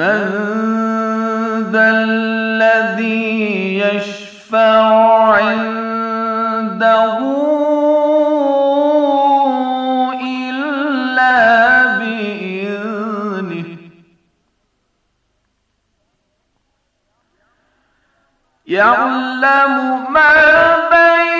من ذا الذي يشفع عنده إلا بإذنه يعلم ما بين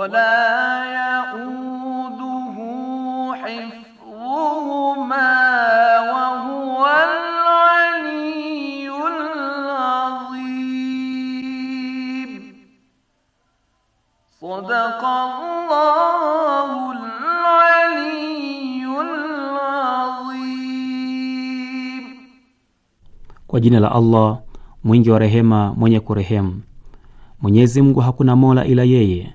wala yauduhu hifdhuhuma wa huwa al-aliyyul azim. Sadaqallahu al-aliyyul azim. Kwa jina la Allah mwingi wa rehema mwenye kurehemu. Mwenyezi Mungu hakuna mola ila yeye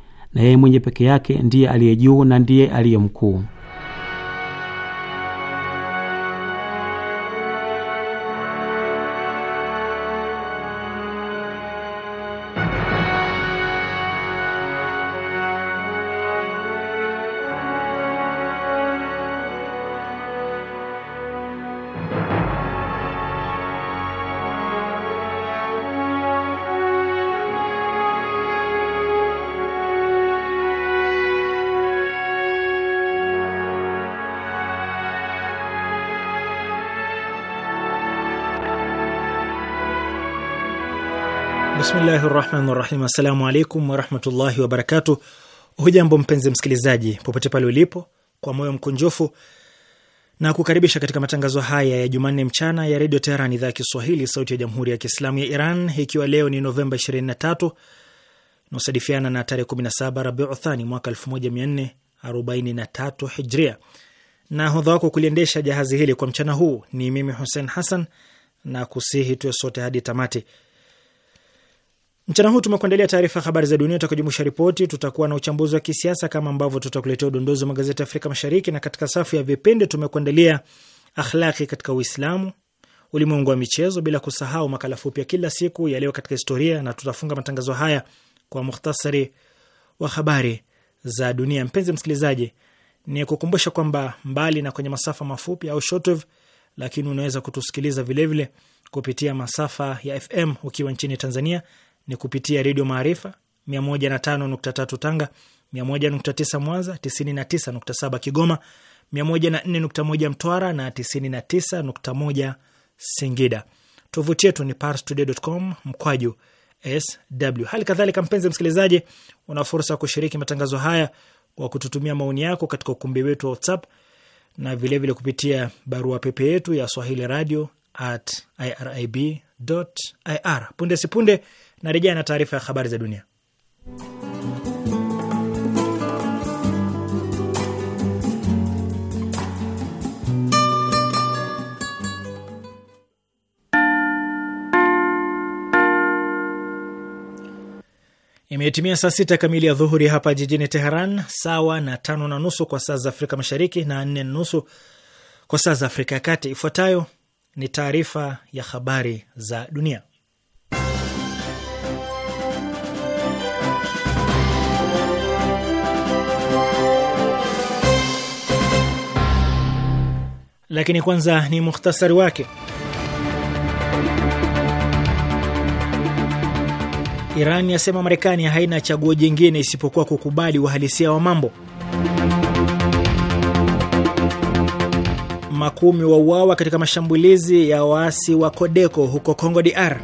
na yeye mwenye peke yake ndiye aliye juu na ndiye aliye mkuu. Bismillahi rahmani rahim. Assalamu alaikum warahmatullahi wabarakatu. Hujambo mpenzi msikilizaji, popote pale ulipo, kwa moyo mkunjufu na kukaribisha katika matangazo haya ya Jumanne mchana ya redio Teheran, idhaa ya Kiswahili, sauti ya jamhuri ya kiislamu ya Iran, ikiwa leo ni Novemba 23 nasadifiana na tarehe 17 Rabiu Thani mwaka 1443 Hijria. Na hodha wako kuliendesha jahazi hili kwa mchana huu ni mimi Hussein Hassan na kusihi tuwe sote hadi tamati Mchana huu tumekuandalia taarifa ya habari za dunia, tutakujumuisha ripoti, tutakuwa na uchambuzi wa kisiasa kama ambavyo tutakuletea udondozi wa magazeti ya Afrika Mashariki, na katika safu ya vipindi tumekuandalia akhlaki katika Uislamu, ulimwengu wa michezo, bila kusahau makala fupi ya kila siku ya leo katika historia, na tutafunga matangazo haya kwa muhtasari wa habari za dunia. Mpenzi msikilizaji, ni kukumbusha kwamba mbali na kwenye masafa mafupi au shortwave, lakini unaweza kutusikiliza vilevile vile kupitia masafa ya FM ukiwa nchini Tanzania ni kupitia Redio Maarifa 105.3 Tanga, 101.9 Mwanza, 99.7 Kigoma, 104.1 Mtwara na 99.1 Singida. Tovuti yetu ni parstoday.com mkwaju sw. Hali kadhalika, mpenzi msikilizaji, una fursa ya kushiriki matangazo haya kwa kututumia maoni yako katika ukumbi wetu wa WhatsApp na vilevile vile kupitia barua pepe yetu ya swahili radio at irib.ir. Punde sipunde Narejea na taarifa ya habari za dunia. Imetimia saa sita kamili ya dhuhuri hapa jijini Teheran, sawa na tano na nusu kwa saa za Afrika Mashariki na nne na nusu kwa saa za Afrika ya Kati. Ifuatayo ni taarifa ya habari za dunia, lakini kwanza ni muhtasari wake. Iran yasema Marekani haina chaguo jingine isipokuwa kukubali uhalisia wa mambo. Makumi wauawa katika mashambulizi ya waasi wa Kodeko huko Kongo DR,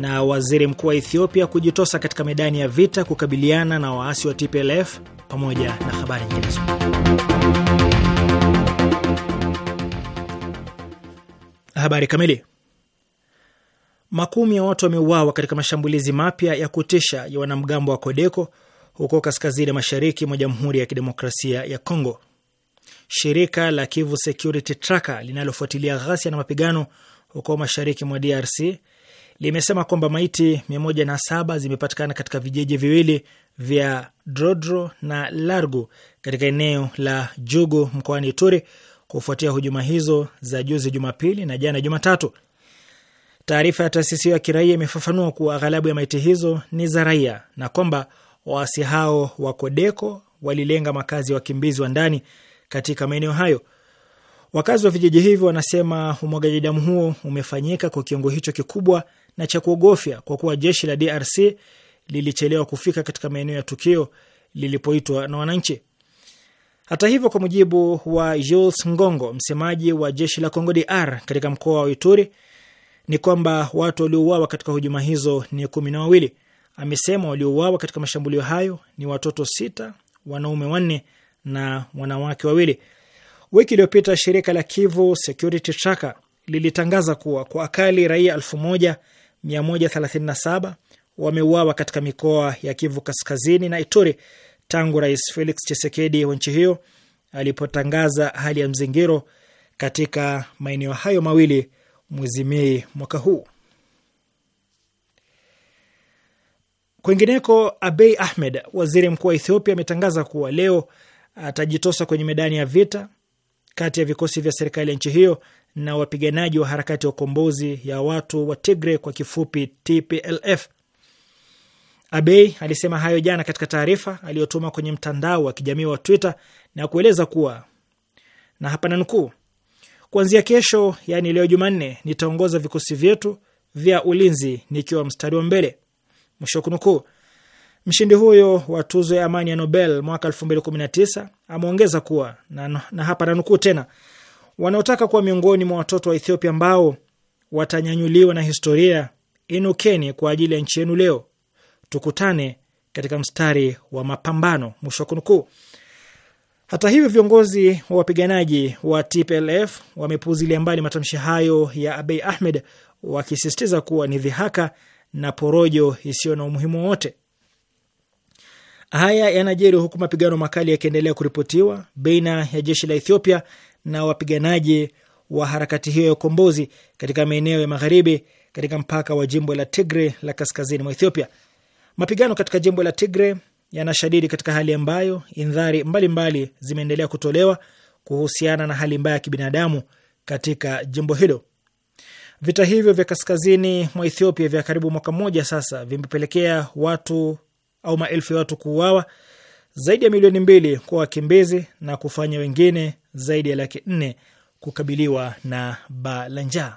na waziri mkuu wa Ethiopia kujitosa katika medani ya vita kukabiliana na waasi wa TPLF, pamoja na habari nyinginezo. Habari kamili. Makumi ya watu wameuawa katika mashambulizi mapya ya kutisha ya wanamgambo wa Kodeko huko kaskazini mashariki mwa Jamhuri ya Kidemokrasia ya Kongo. Shirika la Kivu Security Tracker linalofuatilia ghasia na mapigano huko mashariki mwa DRC limesema kwamba maiti 107 zimepatikana katika vijiji viwili vya Drodro na Largu katika eneo la Jugu mkoani Ituri kufuatia hujuma hizo za juzi Jumapili na jana Jumatatu. Taarifa ya taasisi hiyo ya kiraia imefafanua kuwa aghalabu ya maiti hizo ni za raia na kwamba waasi hao wa Kodeko walilenga makazi ya wa wakimbizi wa ndani katika maeneo hayo. Wakazi wa vijiji hivyo wanasema umwagaji damu huo umefanyika kwa kiwango hicho kikubwa na cha kuogofya kwa kuwa jeshi la DRC lilichelewa kufika katika maeneo ya tukio lilipoitwa na wananchi. Hata hivyo, kwa mujibu wa Jules Ngongo, msemaji wa jeshi la Congo DR katika mkoa wa Ituri, ni kwamba watu waliouawa katika hujuma hizo ni kumi na wawili. Amesema waliouawa katika mashambulio hayo ni watoto sita, wanaume wanne na wanawake wawili. Wiki iliyopita shirika la Kivu Security Tracker lilitangaza kuwa kwa akali raia 1137 wameuawa katika mikoa ya Kivu Kaskazini na Ituri tangu Rais Felix Chisekedi wa nchi hiyo alipotangaza hali ya mzingiro katika maeneo hayo mawili mwezi Mei mwaka huu. Kwingineko, Abei Ahmed, waziri mkuu wa Ethiopia, ametangaza kuwa leo atajitosa kwenye medani ya vita kati ya vikosi vya serikali ya nchi hiyo na wapiganaji wa harakati ya ukombozi ya watu wa Tigre, kwa kifupi TPLF. Abei alisema hayo jana katika taarifa aliyotuma kwenye mtandao wa kijamii wa Twitter na kueleza kuwa na hapa na nukuu, kuanzia kesho, yaani leo Jumanne, nitaongoza vikosi vyetu vya ulinzi nikiwa mstari wa mbele, mwisho kunukuu. Mshindi huyo wa tuzo ya amani ya Nobel mwaka 2019 ameongeza kuwa na, na hapa na nukuu tena, wanaotaka kuwa miongoni mwa watoto wa Ethiopia ambao watanyanyuliwa na historia, inukeni kwa ajili ya nchi yenu leo tukutane katika mstari wa mapambano, mwisho wa kunukuu. Hata hivyo, viongozi wa wapiganaji wa TPLF wamepuzilia mbali matamshi hayo ya Abei Ahmed, wakisisitiza kuwa ni dhihaka na porojo isiyo na umuhimu wowote. Haya yanajiri huku mapigano makali yakiendelea kuripotiwa baina ya jeshi la Ethiopia na wapiganaji wa harakati hiyo ya ukombozi katika maeneo ya magharibi katika mpaka wa jimbo la tigre la kaskazini mwa Ethiopia. Mapigano katika jimbo la Tigre yanashadidi katika hali ambayo indhari mbalimbali zimeendelea kutolewa kuhusiana na hali mbaya ya kibinadamu katika jimbo hilo. Vita hivyo vya kaskazini mwa Ethiopia vya karibu mwaka mmoja sasa vimepelekea watu au maelfu ya watu kuuawa, zaidi ya milioni mbili kwa wakimbizi na kufanya wengine zaidi ya laki nne kukabiliwa na baa la njaa.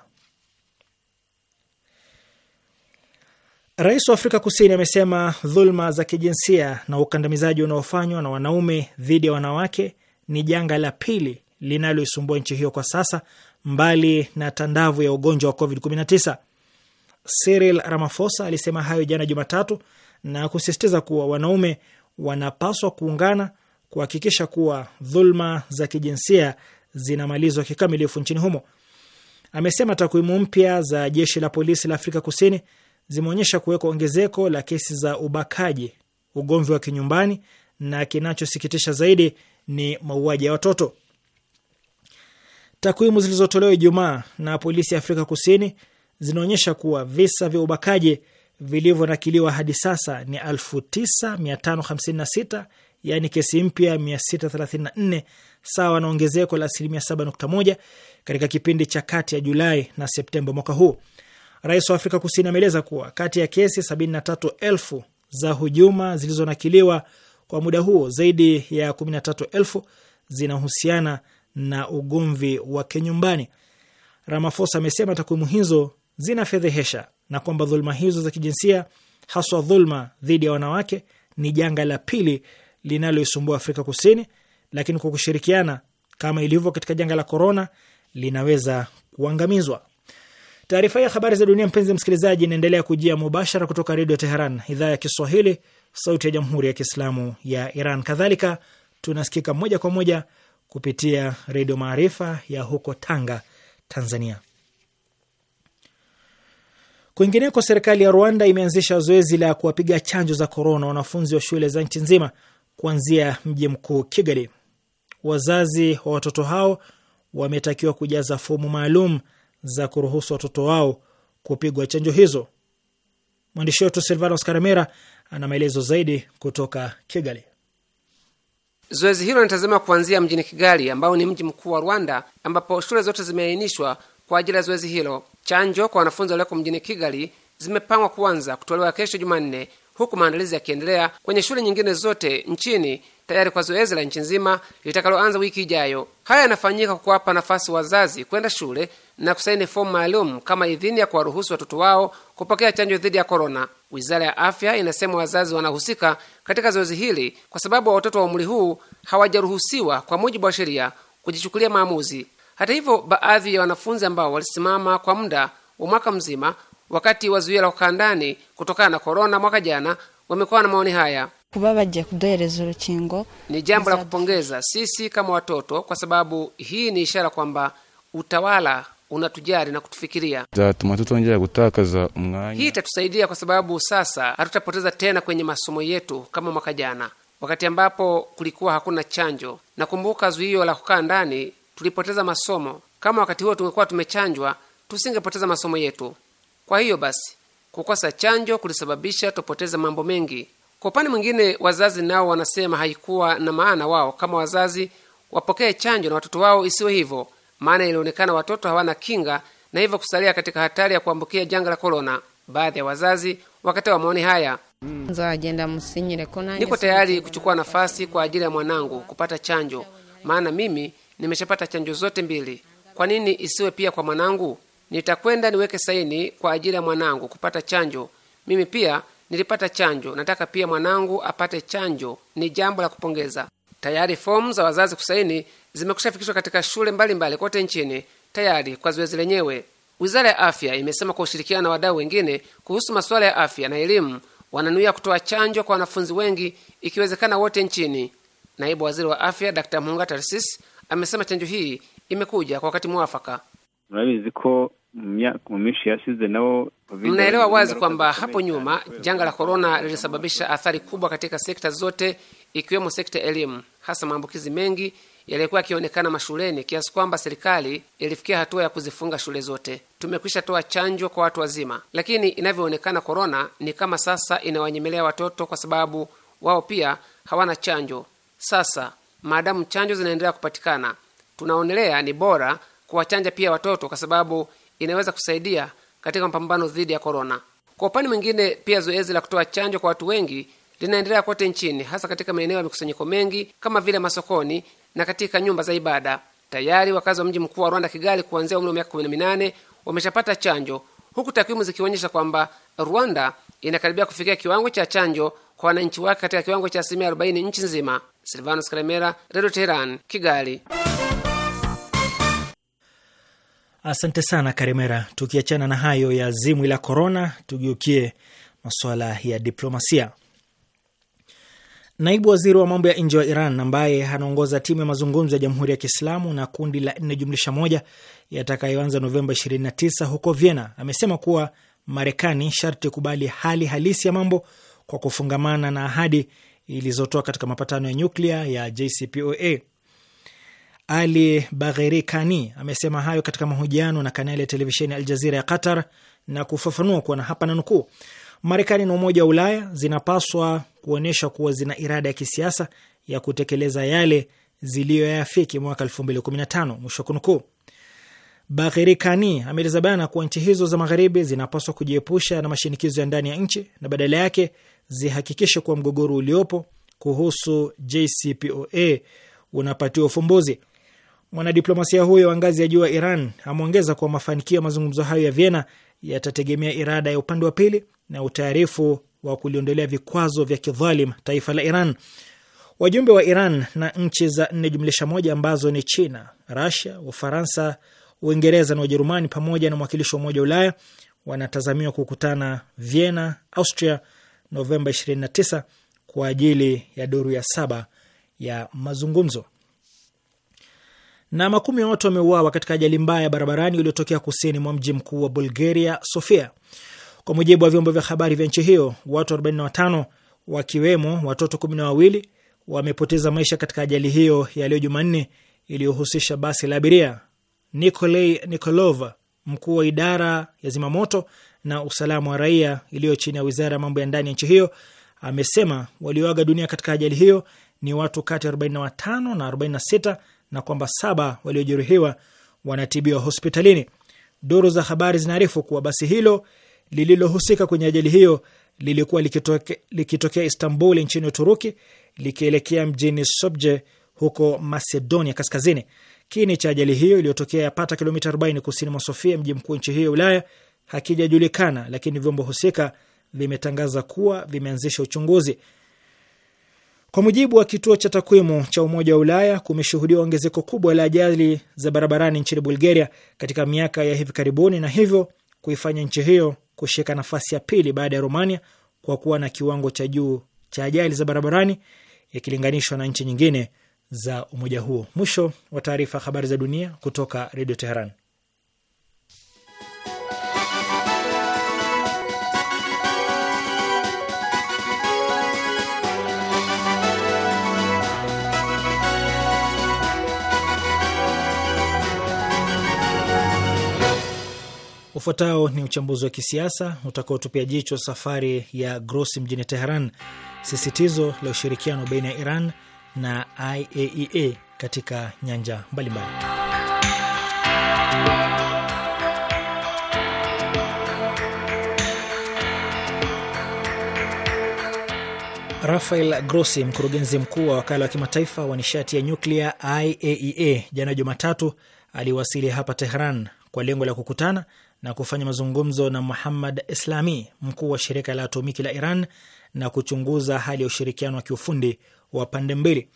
Rais wa Afrika Kusini amesema dhulma za kijinsia na ukandamizaji unaofanywa na wanaume dhidi ya wanawake ni janga la pili linaloisumbua nchi hiyo kwa sasa, mbali na tandavu ya ugonjwa wa COVID-19. Cyril Ramaphosa alisema hayo jana Jumatatu na kusisitiza kuwa wanaume wanapaswa kuungana kuhakikisha kuwa dhulma za kijinsia zinamalizwa kikamilifu nchini humo. Amesema takwimu mpya za jeshi la polisi la Afrika Kusini zimeonyesha kuwekwa ongezeko la kesi za ubakaji, ugomvi wa kinyumbani na kinachosikitisha zaidi ni mauaji ya watoto. Takwimu zilizotolewa Ijumaa na polisi ya Afrika Kusini zinaonyesha kuwa visa vya ubakaji vilivyonakiliwa hadi sasa ni 9556 yaani kesi mpya 634 sawa na ongezeko la asilimia 7.1 katika kipindi cha kati ya Julai na Septemba mwaka huu. Rais wa Afrika Kusini ameeleza kuwa kati ya kesi 73,000 za hujuma zilizonakiliwa kwa muda huo, zaidi ya 13,000 zinahusiana na ugomvi wa kinyumbani. Ramaphosa amesema takwimu hizo zinafedhehesha na kwamba dhuluma hizo za kijinsia, haswa dhuluma dhidi ya wanawake, ni janga la pili linaloisumbua Afrika Kusini, lakini kwa kushirikiana, kama ilivyo katika janga la korona, linaweza kuangamizwa. Taarifa ya habari za dunia, mpenzi msikilizaji, inaendelea kujia mubashara kutoka Redio Teheran, idhaa ya Kiswahili, sauti ya Jamhuri ya Kiislamu ya Iran. Kadhalika tunasikika moja kwa moja kupitia Redio Maarifa ya huko Tanga, Tanzania. Kwingineko, serikali ya Rwanda imeanzisha zoezi la kuwapiga chanjo za korona wanafunzi wa shule za nchi nzima kuanzia mji mkuu Kigali. Wazazi wa watoto hao wametakiwa kujaza fomu maalum za kuruhusu watoto wao kupigwa chanjo hizo. Mwandishi wetu Silvanos Karemera ana maelezo zaidi kutoka Kigali. Zoezi hilo linatazamiwa kuanzia mjini Kigali, ambao ni mji mkuu wa Rwanda, ambapo shule zote zimeainishwa kwa ajili ya zoezi hilo. Chanjo kwa wanafunzi walioko mjini Kigali zimepangwa kuanza kutolewa kesho Jumanne, huku maandalizi yakiendelea kwenye shule nyingine zote nchini tayari kwa zoezi la nchi nzima litakaloanza wiki ijayo. Haya yanafanyika kwa kuwapa nafasi wazazi kwenda shule na kusaini fomu maalum kama idhini ya kuwaruhusu watoto wao kupokea chanjo dhidi ya korona. Wizara ya Afya inasema wazazi wanahusika katika zoezi hili kwa sababu watoto wa umri huu hawajaruhusiwa kwa mujibu wa sheria kujichukulia maamuzi. Hata hivyo, baadhi ya wanafunzi ambao walisimama kwa muda wa mwaka mzima wakati wa zuio la kukaa ndani kutokana na korona mwaka jana wamekuwa na maoni haya kuba bajya kudohereza urukingo ni jambo la kupongeza sisi kama watoto, kwa sababu hii ni ishara kwamba utawala unatujali na kutufikiria. Hii itatusaidia kwa sababu sasa hatutapoteza tena kwenye masomo yetu kama mwaka jana, wakati ambapo kulikuwa hakuna chanjo. Nakumbuka zuio la kukaa ndani, tulipoteza masomo. Kama wakati huo tungekuwa tumechanjwa, tusingepoteza masomo yetu. Kwa hiyo basi, kukosa chanjo kulisababisha tupoteze mambo mengi. Kwa upande mwingine, wazazi nao wanasema haikuwa na maana wao kama wazazi wapokee chanjo na watoto wao isiwe hivyo, maana ilionekana watoto hawana kinga na hivyo kusalia katika hatari ya kuambukia janga la korona. Baadhi ya wazazi wakatoa maoni haya: niko tayari kuchukua nafasi kwa ajili ya mwanangu kupata chanjo, maana mimi nimeshapata chanjo zote mbili. Kwa nini isiwe pia kwa mwanangu? Nitakwenda niweke saini kwa ajili ya mwanangu kupata chanjo, mimi pia nilipata chanjo, nataka pia mwanangu apate chanjo. Ni jambo la kupongeza. Tayari fomu za wazazi kusaini zimekushafikishwa katika shule mbalimbali mbali kote nchini tayari kwa zoezi lenyewe. Wizara ya Afya imesema kwa ushirikiano na wadau wengine kuhusu masuala ya afya na elimu wananuia kutoa chanjo kwa wanafunzi wengi, ikiwezekana wote nchini. Naibu waziri wa afya Dr Muhunga Tarsis amesema chanjo hii imekuja kwa wakati mwafaka. murabizi ko mu mu minshi yashize nabo Mnaelewa wazi kwamba hapo nyuma janga la korona lilisababisha athari kubwa katika sekta zote, ikiwemo sekta ya elimu, hasa maambukizi mengi yaliyokuwa yakionekana mashuleni kiasi kwamba serikali ilifikia hatua ya kuzifunga shule zote. Tumekwisha toa chanjo kwa watu wazima, lakini inavyoonekana korona ni kama sasa inawanyemelea watoto, kwa sababu wao pia hawana chanjo. Sasa maadamu chanjo zinaendelea kupatikana, tunaonelea ni bora kuwachanja pia watoto, kwa sababu inaweza kusaidia katika mapambano dhidi ya korona. Kwa upande mwingine, pia zoezi la kutoa chanjo kwa watu wengi linaendelea kote nchini, hasa katika maeneo ya mikusanyiko mengi kama vile masokoni na katika nyumba za ibada. Tayari wakazi wa mji mkuu wa Rwanda, Kigali, kuanzia umri wa miaka 18 wameshapata chanjo, huku takwimu zikionyesha kwamba Rwanda inakaribia kufikia kiwango cha chanjo kwa wananchi wake katika kiwango cha asilimia 40 nchi nzima. Silvanos Karemera, Redio Teheran, Kigali. Asante sana karimera Tukiachana na hayo ya zimwi la korona, tugeukie masuala ya diplomasia. Naibu waziri wa mambo ya nje wa Iran ambaye anaongoza timu ya mazungumzo ya Jamhuri ya Kiislamu na kundi la nne jumlisha moja yatakayoanza Novemba 29 huko Vienna amesema kuwa Marekani sharti kubali hali halisi ya mambo kwa kufungamana na ahadi ilizotoa katika mapatano ya nyuklia ya JCPOA. Ali Bagheri Kani amesema hayo katika mahojiano na kanali ya televisheni Al Jazira ya Qatar na kufafanua kuwa na hapa na nukuu, Marekani na Umoja wa Ulaya zinapaswa kuonyesha kuwa zina irada ya kisiasa ya kutekeleza yale ziliyoyafiki mwaka 2015, mwisho kunukuu. Bagheri Kani ameeleza bayana kuwa nchi hizo za magharibi zinapaswa kujiepusha na mashinikizo ya ndani ya nchi na badala yake zihakikishe kuwa mgogoro uliopo kuhusu JCPOA unapatiwa ufumbuzi. Mwanadiplomasia huyo wa ngazi ya juu wa Iran ameongeza kuwa mafanikio ya mazungumzo hayo ya Vienna yatategemea irada ya upande wa pili na utaarifu wa kuliondolea vikwazo vya kidhalim taifa la Iran. Wajumbe wa Iran na nchi za nne jumlisha moja ambazo ni China, Rasia, Ufaransa, Uingereza na Ujerumani pamoja na mwakilishi wa Umoja wa Ulaya wanatazamiwa kukutana Vienna, Austria, Novemba 29 kwa ajili ya duru ya saba ya mazungumzo. Na makumi ya watu wameuawa katika ajali mbaya barabarani iliyotokea kusini mwa mji mkuu wa Bulgaria, Sofia. Kwa mujibu wa vyombo vya habari vya nchi hiyo, watu 45 wakiwemo watoto kumi na wamepoteza maisha katika ajali hiyo ya leo Jumanne iliyohusisha basi la abiria. Nikolai Nikolov, mkuu wa idara ya zimamoto na usalama wa raia iliyo chini ya wizara ya mambo ya ndani ya nchi hiyo, amesema walioaga dunia katika ajali hiyo ni watu kati ya 45 na 46 na kwamba saba waliojeruhiwa wanatibiwa hospitalini. Duru za habari zinaarifu kuwa basi hilo lililohusika kwenye ajali hiyo lilikuwa likitoke, likitokea Istanbul nchini Uturuki likielekea mjini Skopje huko Macedonia Kaskazini. Kini cha ajali hiyo iliyotokea yapata kilomita 40 kusini mwa Sofia, mji mkuu nchi hiyo ya Ulaya, hakijajulikana, lakini vyombo husika vimetangaza kuwa vimeanzisha uchunguzi. Kwa mujibu wa kituo cha takwimu cha Umoja wa Ulaya, kumeshuhudiwa ongezeko kubwa la ajali za barabarani nchini Bulgaria katika miaka ya hivi karibuni na hivyo kuifanya nchi hiyo kushika nafasi ya pili baada ya Romania kwa kuwa na kiwango cha juu cha ajali za barabarani ikilinganishwa na nchi nyingine za umoja huo. Mwisho wa taarifa. Habari za dunia kutoka Redio Teheran. Ufuatao ni uchambuzi wa kisiasa utakaotupia jicho safari ya Grossi mjini Teheran, sisitizo la ushirikiano baina ya Iran na IAEA e katika nyanja mbalimbali. Rafael Grossi, mkurugenzi mkuu wa wakala wa kimataifa wa nishati ya nyuklia IAEA, e jana Jumatatu aliwasili hapa Tehran kwa lengo la kukutana na kufanya mazungumzo na Muhammad Islami, mkuu wa shirika la atomiki la Iran, na kuchunguza hali ya ushirikiano wa kiufundi wa pande mbili.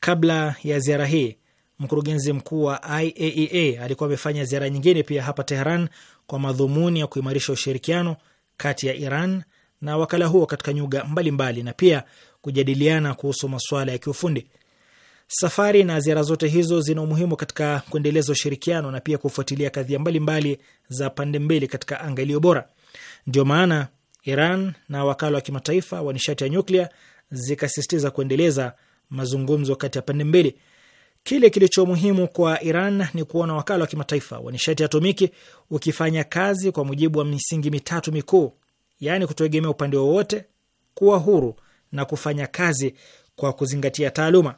Kabla ya ziara hii, mkurugenzi mkuu wa IAEA e alikuwa amefanya ziara nyingine pia hapa Teheran kwa madhumuni ya kuimarisha ushirikiano kati ya Iran na wakala huo katika nyuga mbalimbali mbali, na pia kujadiliana kuhusu masuala ya kiufundi. Safari na ziara zote hizo zina umuhimu katika kuendeleza ushirikiano na pia kufuatilia kadhia mbalimbali za pande mbili katika anga iliyo bora. Ndio maana Iran na wakala wa kimataifa wa nishati ya nyuklia zikasisitiza kuendeleza mazungumzo kati ya pande mbili. Kile kilicho muhimu kwa Iran ni kuona wakala wa kimataifa wa nishati ya atomiki ukifanya kazi kwa mujibu wa misingi mitatu mikuu, yaani kutoegemea upande wowote, kuwa huru na kufanya kazi kwa kuzingatia taaluma.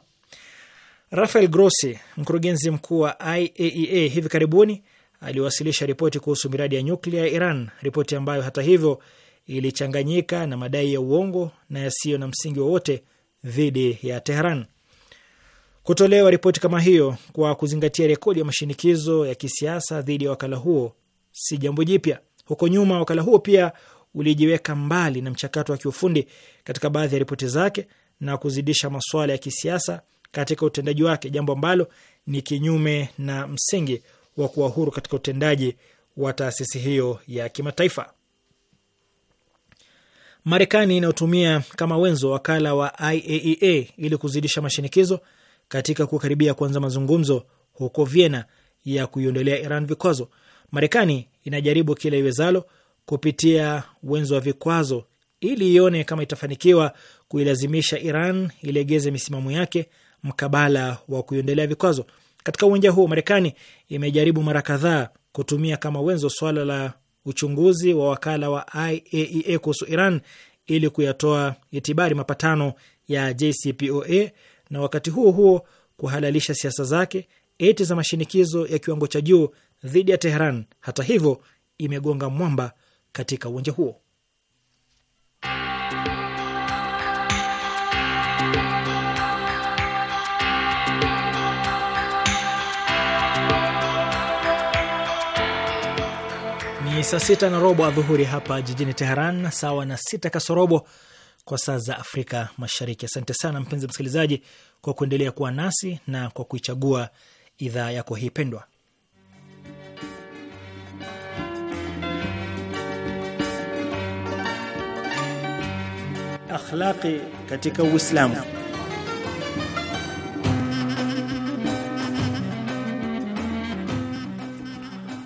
Rafael Grossi, mkurugenzi mkuu wa IAEA, e hivi karibuni aliwasilisha ripoti kuhusu miradi ya nyuklia ya Iran, ripoti ambayo hata hivyo ilichanganyika na madai ya uongo na yasiyo na msingi wowote dhidi ya Tehran. Kutolewa ripoti kama hiyo kwa kuzingatia rekodi ya mashinikizo ya kisiasa dhidi ya wakala huo si jambo jipya. Huko nyuma, wakala huo pia ulijiweka mbali na mchakato wa kiufundi katika baadhi ya ripoti zake na kuzidisha masuala ya kisiasa katika utendaji wake, jambo ambalo ni kinyume na msingi wa kuwa huru katika utendaji wa taasisi hiyo ya kimataifa. Marekani inayotumia kama wenzo wakala wa IAEA e ili kuzidisha mashinikizo katika kukaribia kuanza mazungumzo huko Vienna ya kuiondolea Iran vikwazo. Marekani inajaribu kila iwezalo kupitia wenzo wa vikwazo ili ione kama itafanikiwa kuilazimisha Iran ilegeze misimamo yake mkabala wa kuiondolea vikwazo. Katika uwanja huo, Marekani imejaribu mara kadhaa kutumia kama wenzo swala la uchunguzi wa wakala wa IAEA e kuhusu Iran ili kuyatoa itibari mapatano ya JCPOA na wakati huo huo kuhalalisha siasa zake eti za mashinikizo ya kiwango cha juu dhidi ya Teheran. Hata hivyo, imegonga mwamba katika uwanja huo. saa sita na robo adhuhuri hapa jijini Teheran, sawa na sita kasorobo kwa saa za Afrika Mashariki. Asante sana mpenzi msikilizaji kwa kuendelea kuwa nasi na kwa kuichagua idhaa yako hii pendwa. Akhlaqi katika Uislamu.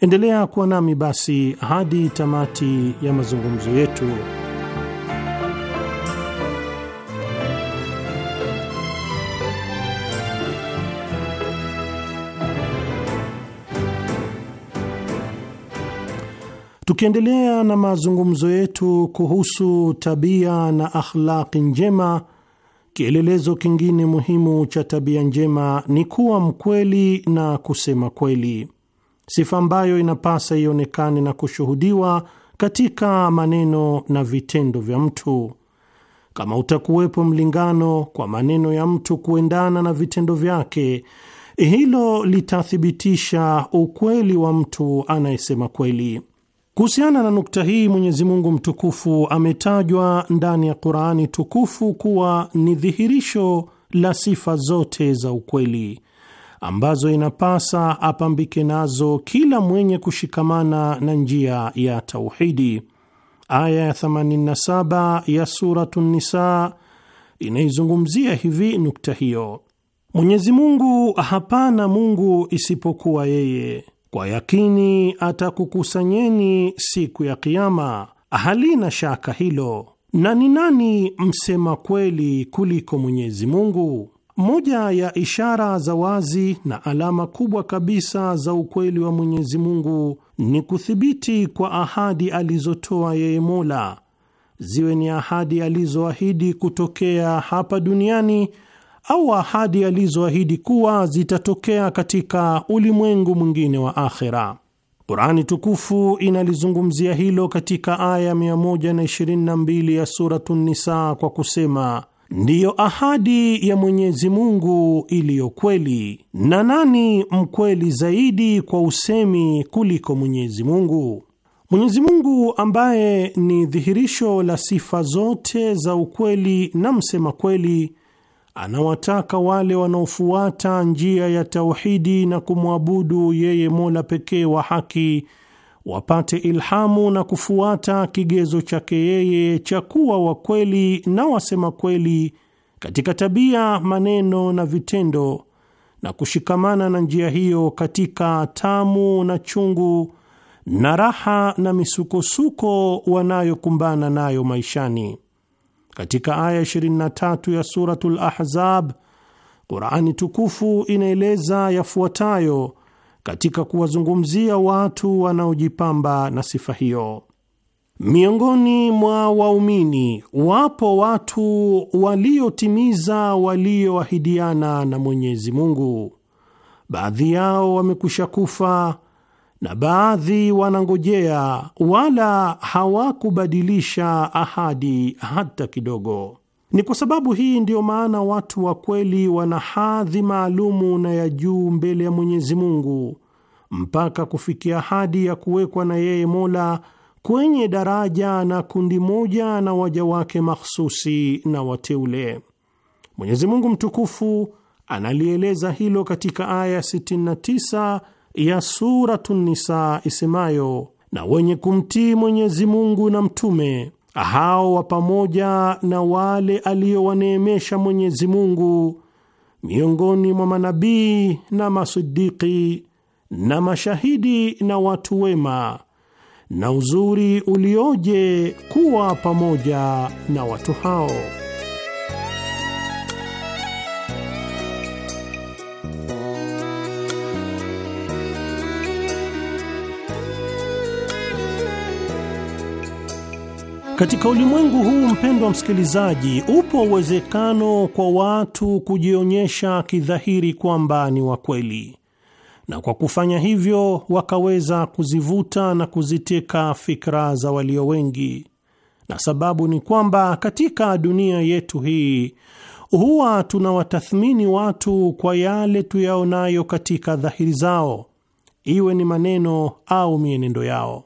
Endelea kuwa nami basi hadi tamati ya mazungumzo yetu. Tukiendelea na mazungumzo yetu kuhusu tabia na akhlaqi njema, kielelezo kingine muhimu cha tabia njema ni kuwa mkweli na kusema kweli sifa ambayo inapasa ionekane na kushuhudiwa katika maneno na vitendo vya mtu. Kama utakuwepo mlingano kwa maneno ya mtu kuendana na vitendo vyake, hilo litathibitisha ukweli wa mtu anayesema kweli. Kuhusiana na nukta hii, Mwenyezi Mungu mtukufu ametajwa ndani ya Qur'ani tukufu kuwa ni dhihirisho la sifa zote za ukweli ambazo inapasa apambike nazo kila mwenye kushikamana na njia ya tauhidi. Aya ya 87 ya Suratu Nisa inaizungumzia hivi nukta hiyo: Mwenyezi Mungu, hapana Mungu isipokuwa yeye, kwa yakini atakukusanyeni siku ya Kiama, halina shaka hilo, na ni nani msema kweli kuliko Mwenyezi Mungu? Moja ya ishara za wazi na alama kubwa kabisa za ukweli wa Mwenyezi Mungu ni kuthibiti kwa ahadi alizotoa yeye Mola, ziwe ni ahadi alizoahidi kutokea hapa duniani au ahadi alizoahidi kuwa zitatokea katika ulimwengu mwingine wa akhera. Qurani tukufu inalizungumzia hilo katika aya 122 ya Suratu Nisa kwa kusema ndiyo ahadi ya Mwenyezi Mungu iliyo kweli, na nani mkweli zaidi kwa usemi kuliko Mwenyezi Mungu? Mwenyezi Mungu ambaye ni dhihirisho la sifa zote za ukweli na msema kweli, anawataka wale wanaofuata njia ya tauhidi na kumwabudu yeye Mola pekee wa haki wapate ilhamu na kufuata kigezo chake yeye cha kuwa wakweli na wasema kweli katika tabia, maneno na vitendo, na kushikamana na njia hiyo katika tamu na chungu na raha na misukosuko wanayokumbana nayo maishani. Katika aya 23 ya Suratul Ahzab, Qurani tukufu inaeleza yafuatayo katika kuwazungumzia watu wanaojipamba na sifa hiyo. Miongoni mwa waumini wapo watu waliotimiza walioahidiana na Mwenyezi Mungu. Baadhi yao wamekwisha kufa na baadhi wanangojea, wala hawakubadilisha ahadi hata kidogo. Ni kwa sababu hii ndiyo maana watu wa kweli wana hadhi maalumu na ya juu mbele ya Mwenyezi Mungu mpaka kufikia hadi ya kuwekwa na yeye Mola kwenye daraja na kundi moja na waja wake makhususi na wateule. Mwenyezi Mungu mtukufu analieleza hilo katika aya 69 ya Suratun Nisa isemayo, na wenye kumtii Mwenyezi Mungu na mtume hao wa pamoja na wale aliowaneemesha Mwenyezi Mungu miongoni mwa manabii na masidiki na mashahidi na watu wema, na uzuri ulioje kuwa pamoja na watu hao. Katika ulimwengu huu, mpendwa msikilizaji, upo uwezekano kwa watu kujionyesha kidhahiri kwamba ni wa kweli, na kwa kufanya hivyo wakaweza kuzivuta na kuziteka fikra za walio wengi, na sababu ni kwamba katika dunia yetu hii huwa tunawatathmini watu kwa yale tuyaonayo katika dhahiri zao, iwe ni maneno au mienendo yao,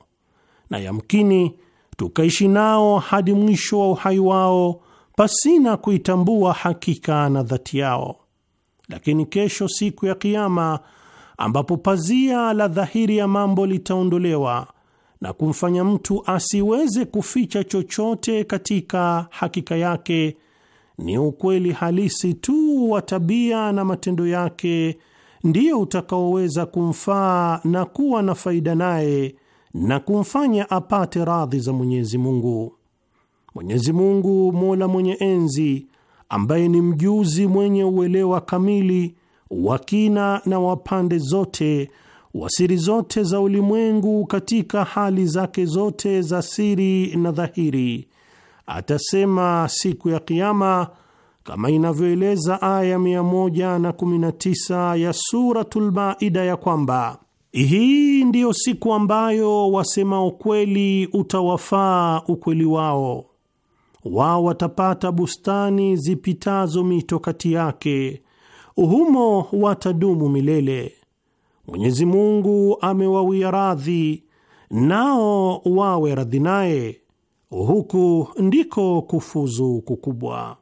na yamkini tukaishi nao hadi mwisho wa uhai wao pasina kuitambua hakika na dhati yao. Lakini kesho, siku ya Kiama, ambapo pazia la dhahiri ya mambo litaondolewa na kumfanya mtu asiweze kuficha chochote katika hakika yake, ni ukweli halisi tu wa tabia na matendo yake ndiyo utakaoweza kumfaa na kuwa na faida naye na kumfanya apate radhi za Mwenyezi Mungu. Mwenyezi Mungu Mola mwenye enzi, ambaye ni mjuzi mwenye uelewa kamili wa kina na wa pande zote wa siri zote za ulimwengu katika hali zake zote za siri na dhahiri, atasema siku ya Kiama kama inavyoeleza aya 119 ya Suratul Maida ya kwamba hii ndiyo siku ambayo wasema ukweli utawafaa ukweli wao, wao watapata bustani zipitazo mito kati yake, humo watadumu milele. Mwenyezi Mungu amewawia radhi, nao wawe radhi naye. Huku ndiko kufuzu kukubwa.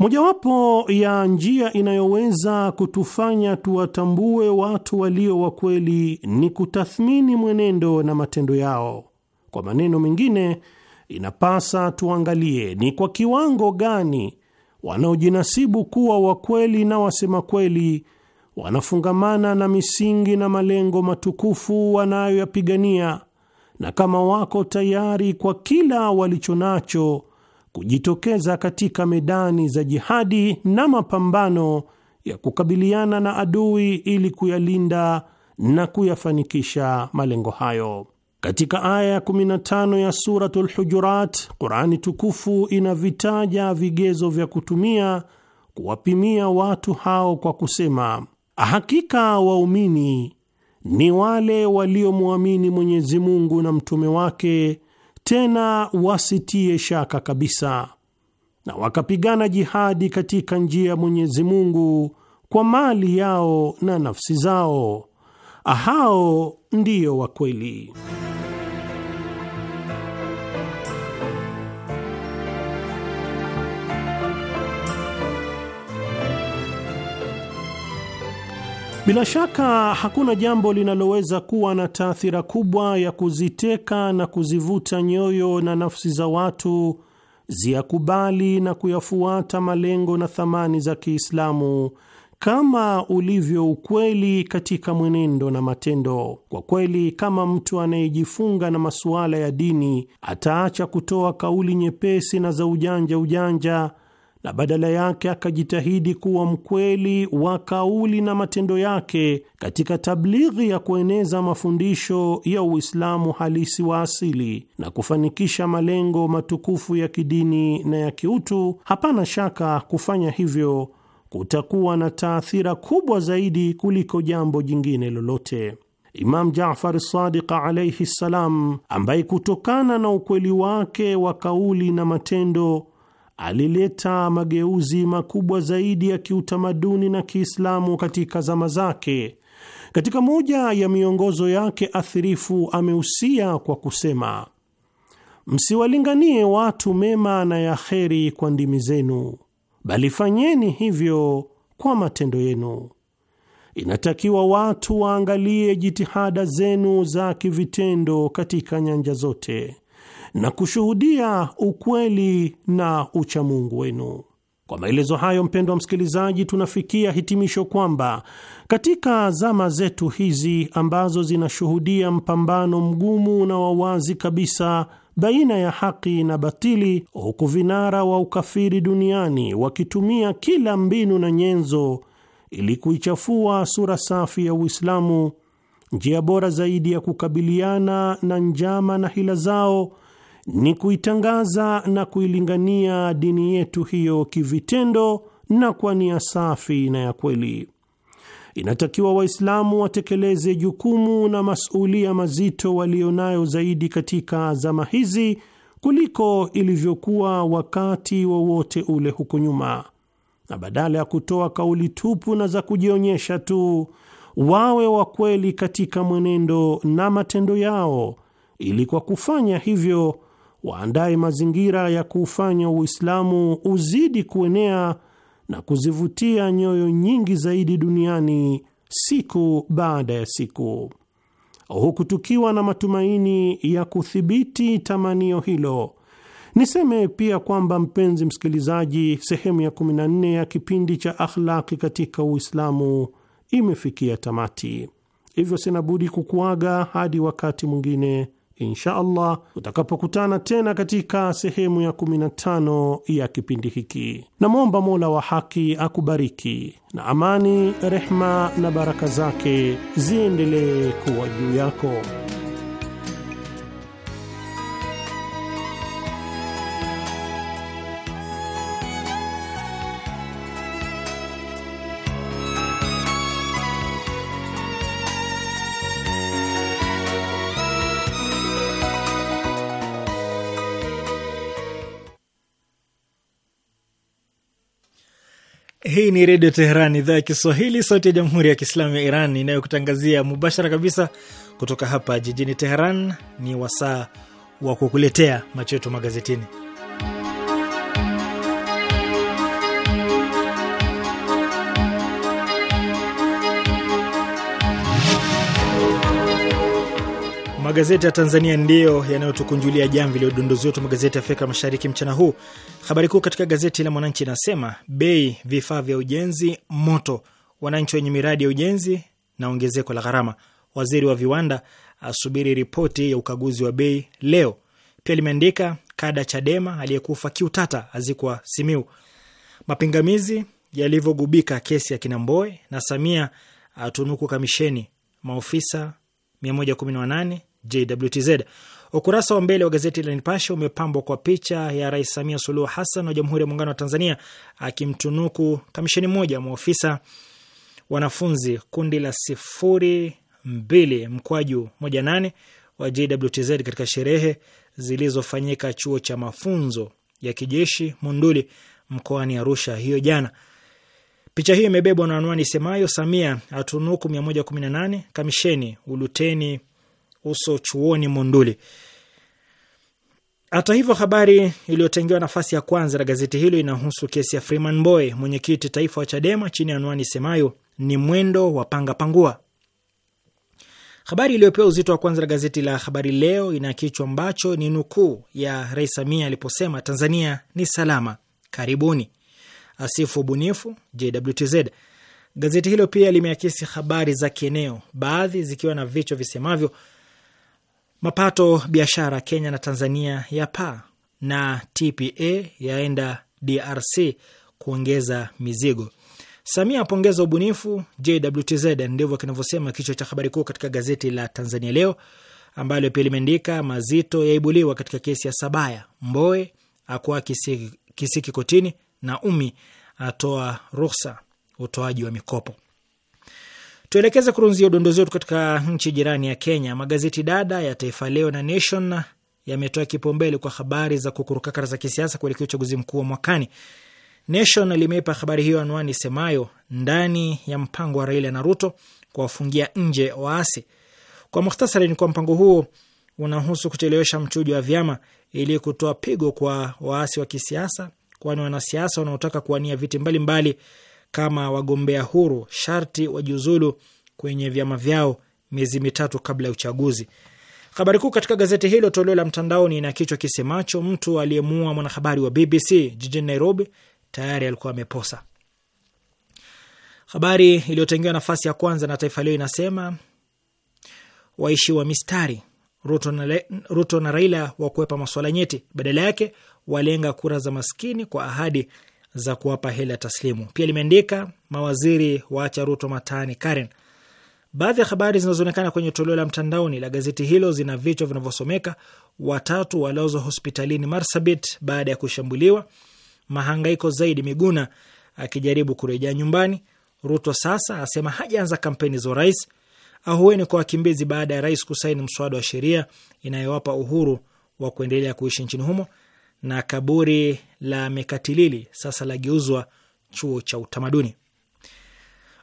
Mojawapo ya njia inayoweza kutufanya tuwatambue watu walio wa kweli ni kutathmini mwenendo na matendo yao. Kwa maneno mengine, inapasa tuangalie ni kwa kiwango gani wanaojinasibu kuwa wa kweli na wasema kweli wanafungamana na misingi na malengo matukufu wanayoyapigania, na kama wako tayari kwa kila walicho nacho kujitokeza katika medani za jihadi na mapambano ya kukabiliana na adui ili kuyalinda na kuyafanikisha malengo hayo. Katika aya ya 15 ya Suratul Hujurat, Qurani tukufu inavitaja vigezo vya kutumia kuwapimia watu hao kwa kusema, hakika waumini ni wale waliomwamini Mwenyezi Mungu na mtume wake tena wasitie shaka kabisa, na wakapigana jihadi katika njia ya Mwenyezi Mungu kwa mali yao na nafsi zao. Hao ndiyo wa kweli. Bila shaka hakuna jambo linaloweza kuwa na taathira kubwa ya kuziteka na kuzivuta nyoyo na nafsi za watu ziyakubali na kuyafuata malengo na thamani za Kiislamu kama ulivyo ukweli katika mwenendo na matendo. Kwa kweli, kama mtu anayejifunga na masuala ya dini ataacha kutoa kauli nyepesi na za ujanja ujanja na badala yake akajitahidi kuwa mkweli wa kauli na matendo yake katika tablighi ya kueneza mafundisho ya Uislamu halisi wa asili na kufanikisha malengo matukufu ya kidini na ya kiutu, hapana shaka kufanya hivyo kutakuwa na taathira kubwa zaidi kuliko jambo jingine lolote. Imam Jafar Sadiq alaihi ssalam, ambaye kutokana na ukweli wake wa kauli na matendo alileta mageuzi makubwa zaidi ya kiutamaduni na Kiislamu katika zama zake. Katika moja ya miongozo yake athirifu amehusia kwa kusema, msiwalinganie watu mema na ya kheri kwa ndimi zenu, bali fanyeni hivyo kwa matendo yenu. Inatakiwa watu waangalie jitihada zenu za kivitendo katika nyanja zote na kushuhudia ukweli na uchamungu wenu. Kwa maelezo hayo, mpendwa msikilizaji, tunafikia hitimisho kwamba katika zama zetu hizi ambazo zinashuhudia mpambano mgumu na wawazi kabisa baina ya haki na batili, huku vinara wa ukafiri duniani wakitumia kila mbinu na nyenzo ili kuichafua sura safi ya Uislamu, njia bora zaidi ya kukabiliana na njama na hila zao ni kuitangaza na kuilingania dini yetu hiyo kivitendo na kwa nia safi na ya kweli. Inatakiwa Waislamu watekeleze jukumu na masulia mazito nayo zaidi katika zama hizi kuliko ilivyokuwa wakati wowote wa ule huko nyuma, na badala ya kutoa kauli tupu na za kujionyesha tu, wawe wa kweli katika mwenendo na matendo yao, ili kwa kufanya hivyo waandaye mazingira ya kuufanya Uislamu uzidi kuenea na kuzivutia nyoyo nyingi zaidi duniani siku baada ya siku, huku tukiwa na matumaini ya kuthibiti tamanio hilo. Niseme pia kwamba mpenzi msikilizaji, sehemu ya 14 ya kipindi cha Akhlaki katika Uislamu imefikia tamati, hivyo sinabudi kukuaga hadi wakati mwingine insha Allah utakapokutana tena katika sehemu ya 15 ya kipindi hiki. Namwomba Mola wa haki akubariki, na amani, rehma na baraka zake ziendelee kuwa juu yako. Hii ni Redio Teheran, idhaa ya Kiswahili, sauti ya Jamhuri ya Kiislamu ya Iran inayokutangazia mubashara kabisa kutoka hapa jijini Teheran. Ni wasaa wa kukuletea macho yetu magazetini. Magazeti ya Tanzania ndiyo yanayotukunjulia jamvi la udondozi wetu magazeti ya Afrika Mashariki mchana huu. Habari kuu katika gazeti la Mwananchi inasema bei vifaa vya ujenzi moto, wananchi wenye miradi ya ujenzi na ongezeko la gharama, waziri wa viwanda asubiri ripoti ya ukaguzi wa bei leo. Pia limeandika kada Chadema aliyekufa kiutata azikwa Simiu, mapingamizi yalivyogubika kesi ya Kinamboe na Samia atunuku kamisheni maofisa 118 JWTZ. Ukurasa wa mbele wa gazeti la Nipashe umepambwa kwa picha ya Rais Samia Suluhu Hassan wa Jamhuri ya Muungano wa Tanzania akimtunuku kamisheni moja maofisa wanafunzi kundi la sifuri mbili mkwaju moja nane wa JWTZ katika sherehe zilizofanyika chuo cha mafunzo ya kijeshi munduli mkoani Arusha hiyo jana. Picha hiyo imebebwa na anwani semayo Samia atunuku 118 kamisheni uluteni uso chuoni Monduli. Hata hivyo, habari iliyotengewa nafasi ya kwanza na gazeti hilo inahusu kesi ya Freeman Mbowe, mwenyekiti taifa wa Chadema, chini ya anwani semayo ni mwendo wa panga pangua. Habari iliyopewa uzito wa kwanza na gazeti la Habari Leo ina kichwa ambacho ni nukuu ya Rais Samia aliposema Tanzania ni salama, karibuni, asifu ubunifu JWTZ. Gazeti hilo pia limeakisi habari za kieneo, baadhi zikiwa na vichwa visemavyo Mapato biashara Kenya na Tanzania ya paa na TPA yaenda DRC kuongeza mizigo. Samia apongeza ubunifu JWTZ, ndivyo kinavyosema kichwa cha habari kuu katika gazeti la Tanzania Leo, ambalo pia limeandika mazito yaibuliwa katika kesi ya Sabaya, Mboe akuwa kisiki, kisiki kotini na umi atoa ruhusa utoaji wa mikopo. Tuelekeze kurunzia udondozi wetu katika nchi jirani ya Kenya. Magazeti dada ya Taifa Leo na Nation yametoa kipaumbele kwa habari za kukurukakara za kisiasa kuelekea uchaguzi mkuu wa mwakani. Nation limeipa habari hiyo anwani semayo, ndani ya mpango wa Raila na Ruto kuwafungia nje waasi. Kwa muhtasari, ni kwa mpango huo unahusu kuchelewesha mchujo wa vyama ili kutoa pigo kwa waasi wa kisiasa, kwani wanasiasa wanaotaka kuwania viti mbalimbali mbali kama wagombea huru sharti wajiuzulu kwenye vyama vyao miezi mitatu kabla ya uchaguzi. Habari kuu katika gazeti hilo toleo la mtandaoni ina kichwa kisemacho mtu aliyemuua mwanahabari wa BBC jijini Nairobi tayari alikuwa ameposa. Habari iliyotengewa nafasi ya kwanza na Taifa Leo inasema waishi wa mistari Ruto na, Le, Ruto na Raila wa kuepa maswala nyeti, badala yake walenga kura za maskini kwa ahadi za kuwapa hela taslimu. Pia limeandika mawaziri waacha Ruto matani Karen. Baadhi ya habari zinazoonekana kwenye toleo la mtandaoni la gazeti hilo zina vichwa vinavyosomeka: watatu walazwa hospitalini Marsabit baada ya kushambuliwa, mahangaiko zaidi Miguna akijaribu kurejea nyumbani, Ruto sasa asema hajaanza kampeni za urais, ahueni kwa wakimbizi baada ya rais kusaini mswada wa sheria inayowapa uhuru wa kuendelea kuishi nchini humo, na kaburi la Mekatilili sasa lageuzwa chuo cha utamaduni.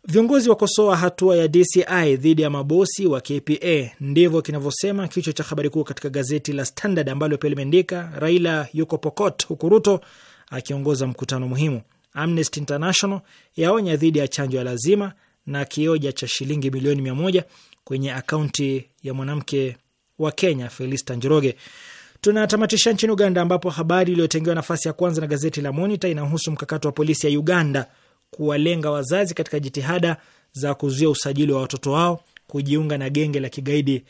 Viongozi wakosoa hatua ya DCI dhidi ya mabosi wa KPA. Ndivyo kinavyosema kichwa cha habari kuu katika gazeti la Standard ambalo pia limeandika Raila yuko Pokot huku Ruto akiongoza mkutano muhimu. Amnesty International yaonya dhidi ya chanjo ya lazima na kioja cha shilingi milioni mia moja kwenye akaunti ya mwanamke wa Kenya Felista Njoroge. Tunatamatisha nchini Uganda, ambapo habari iliyotengewa nafasi ya kwanza na gazeti la Monita inahusu mkakati wa polisi ya Uganda kuwalenga wazazi katika jitihada za kuzuia usajili wa watoto wao kujiunga na genge la kigaidi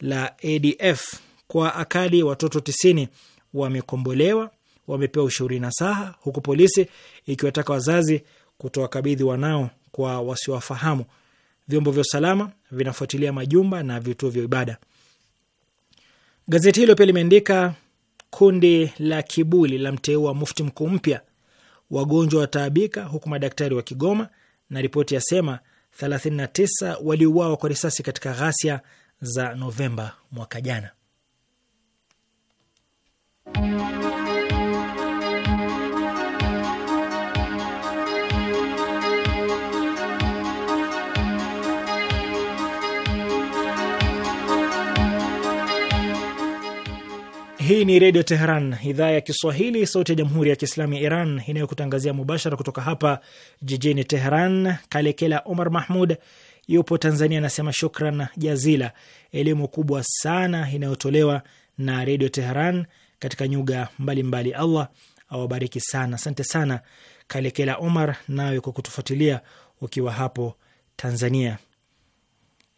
la ADF. Kwa akali watoto tisini wamekombolewa, wamepewa ushauri na saha, huku polisi ikiwataka wazazi kutowakabidhi wanao kwa wasiowafahamu. Vyombo vya usalama vinafuatilia majumba na vituo vya ibada. Gazeti hilo pia limeandika kundi la kibuli la mteua mufti mkuu mpya, wagonjwa wataabika huku madaktari wa Kigoma, na ripoti yasema 39 waliuawa kwa risasi katika ghasia za Novemba mwaka jana. Hii ni Redio Teheran, idhaa ya Kiswahili, sauti ya Jamhuri ya Kiislamu ya Iran, inayokutangazia mubashara kutoka hapa jijini Teheran. Kalekela Omar Mahmud yupo Tanzania, anasema shukran jazila, elimu kubwa sana inayotolewa na Redio Teheran katika nyuga mbalimbali mbali. Allah awabariki sana. Asante sana Kalekela Omar, nawe kwa kutufuatilia ukiwa hapo Tanzania.